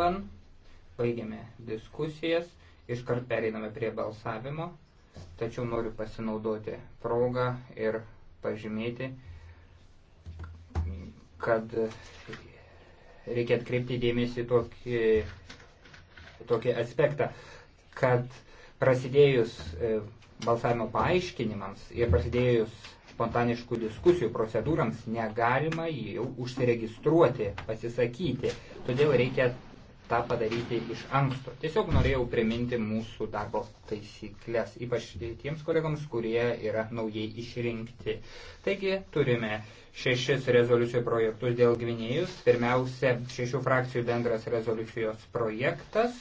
vardan. Baigėme diskusijas, iškart pereiname prie balsavimo, tačiau noriu pasinaudoti progą ir pažymėti, kad reikia atkreipti dėmesį tokį, tokį aspektą, kad prasidėjus e, balsavimo paaiškinimams ir prasidėjus spontaniškų diskusijų procedūrams negalima jau užsiregistruoti, pasisakyti. Todėl reikia tą padaryti iš anksto. Tiesiog norėjau priminti mūsų darbo taisyklės, ypač tiems kolegams, kurie yra naujai išrinkti. Taigi turime šešis rezoliucijų projektus dėl Gvinėjus. Pirmiausia, šešių frakcijų bendras rezoliucijos projektas,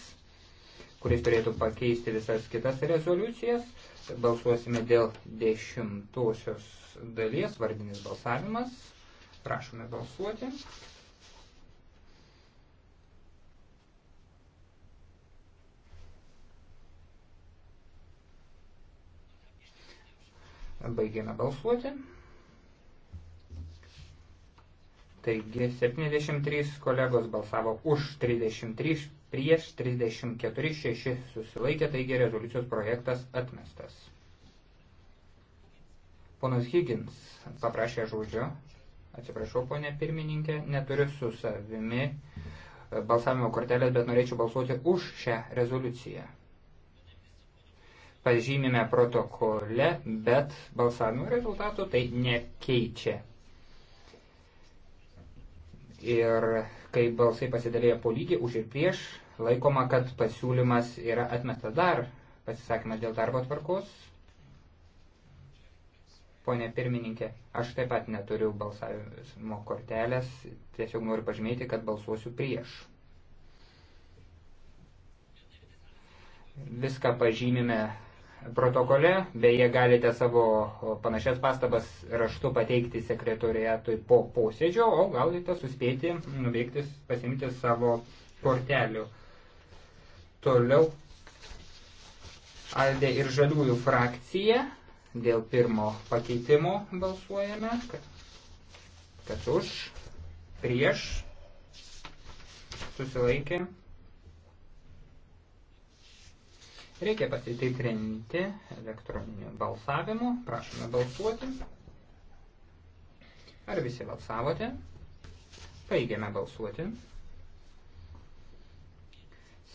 kuris turėtų pakeisti visas kitas rezoliucijas. Balsuosime dėl dešimtosios dalies, vardinis balsavimas. Prašome balsuoti. Baigėme balsuoti. Taigi 73 kolegos balsavo už 33, prieš 34, 6 susilaikė, taigi rezoliucijos projektas atmestas. Ponas Higgins paprašė žodžio. Atsiprašau, ponė pirmininkė, neturiu su savimi e, balsavimo kortelės, bet norėčiau balsuoti už šią rezoliuciją pažymime protokole, bet balsavimo rezultatų tai nekeičia. Ir kai balsai pasidalėjo po lygį už ir prieš, laikoma, kad pasiūlymas yra atmestas dar pasisakymas dėl darbo tvarkos. Pone pirmininkė, aš taip pat neturiu balsavimo kortelės, tiesiog noriu pažymėti, kad balsuosiu prieš. Viską pažymime protokole, beje galite savo panašias pastabas raštu pateikti sekretoriatui po posėdžio, o galite suspėti nuveikti, pasimti savo kortelių. Toliau Aldė ir Žaliųjų frakcija dėl pirmo pakeitimo balsuojame, kad, kad už, prieš, susilaikė. Reikia pasitikrinti elektroniniu balsavimu. Prašome balsuoti. Ar visi balsavote? Baigiame balsuoti.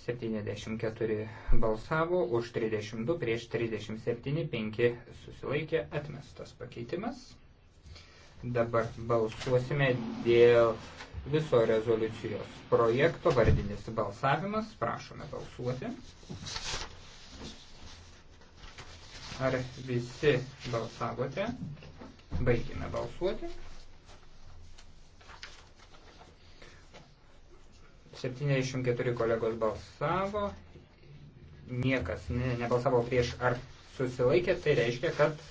74 balsavo, už 32 prieš 37, 5 susilaikė atmestas pakeitimas. Dabar balsuosime dėl viso rezoliucijos projekto vardinis balsavimas. Prašome balsuoti. Ar visi balsavote? Baigime balsuoti. 74 kolegos balsavo, niekas ne, nebalsavo prieš ar susilaikė, tai reiškia, kad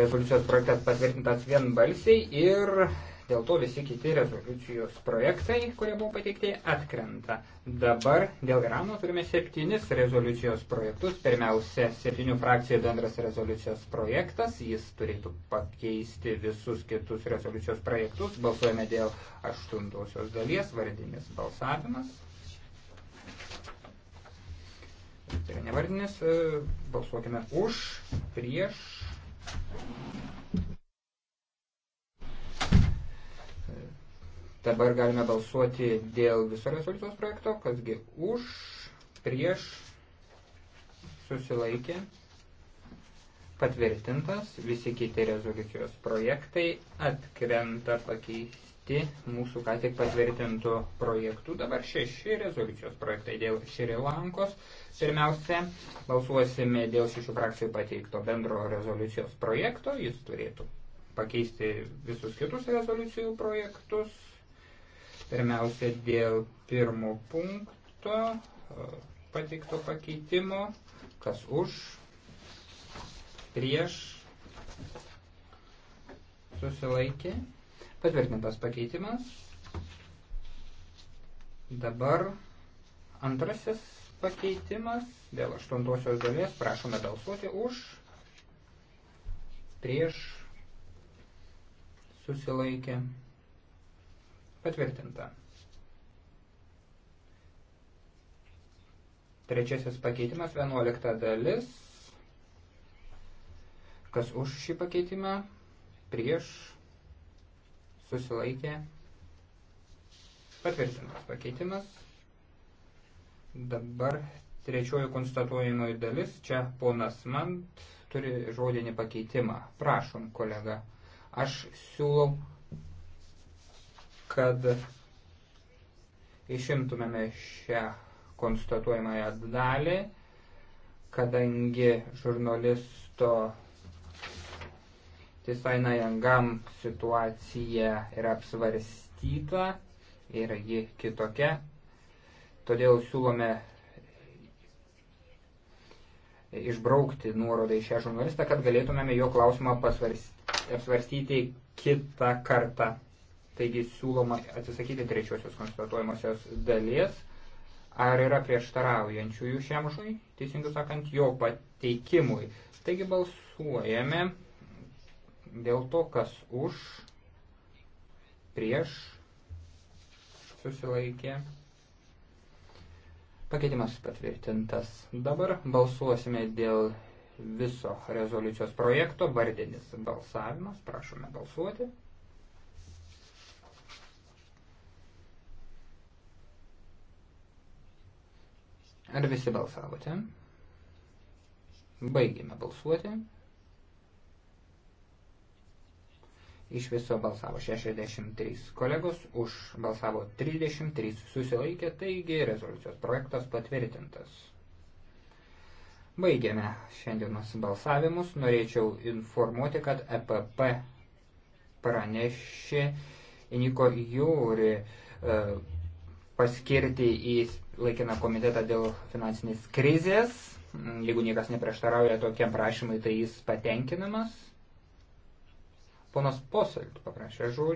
rezoliucijos projektas patvirtintas vienbalsiai ir Dėl to visi kiti rezoliucijos projektai, kurie buvo pateikti, atkrenta. Dabar dėl Irano turime septynis rezoliucijos projektus. Pirmiausia, septynių frakcijų bendras rezoliucijos projektas. Jis turėtų pakeisti visus kitus rezoliucijos projektus. Balsuojame dėl aštuntosios dalies, vardinis balsavimas. Tai yra nevardinis. E, balsuokime už, prieš Dabar galime balsuoti dėl viso rezoliucijos projekto, kasgi už, prieš, susilaikė, patvirtintas, visi kiti rezoliucijos projektai atkrenta pakeisti mūsų ką tik patvirtintų projektų. Dabar šeši rezoliucijos projektai dėl Šri Lankos. Pirmiausia, balsuosime dėl šešių frakcijų pateikto bendro rezoliucijos projekto, jis turėtų pakeisti visus kitus rezoliucijų projektus Pirmiausia, dėl pirmo punkto e, pateikto pakeitimo, kas už, prieš, susilaikė, patvirtintas pakeitimas. Dabar antrasis pakeitimas dėl aštuntosios dalies, prašome balsuoti už, prieš, susilaikė, susilaikė. Patvirtinta. Trečiasis pakeitimas, 11 dalis. Kas už šį pakeitimą? Prieš. Susilaikė. Patvirtintas pakeitimas. Dabar trečioji konstatuojamoji dalis. Čia ponas Mant turi žodinį pakeitimą. Prašom, kolega. Aš siūlau kad išimtumėme šią konstatuojamąją dalį, kadangi žurnalisto Tisaina Jangam situacija yra apsvarstyta ir ji kitokia. Todėl siūlome išbraukti nuorodą į šią žurnalistą, kad galėtumėme jo klausimą apsvarstyti kitą kartą. Taigi siūloma atsisakyti trečiosios konstatuojamosios dalies. Ar yra prieštaraujančiųjų šiam žui, teisingai sakant, jo pateikimui. Taigi balsuojame dėl to, kas už, prieš, susilaikė. Pakeitimas patvirtintas. Dabar balsuosime dėl viso rezoliucijos projekto. Vardinis balsavimas. Prašome balsuoti. Ar visi balsavote? Baigėme balsuoti. Iš viso balsavo 63 kolegos, už balsavo 33 susilaikė, taigi rezoliucijos projektas patvirtintas. Baigėme šiandienos balsavimus. Norėčiau informuoti, kad EPP pranešė Niko Jūri. Uh, e, paskirti į laikiną komitetą dėl finansinės krizės. Jeigu niekas neprieštarauja tokiam prašymui, tai jis patenkinamas. Ponas Posolt paprašė žodžio.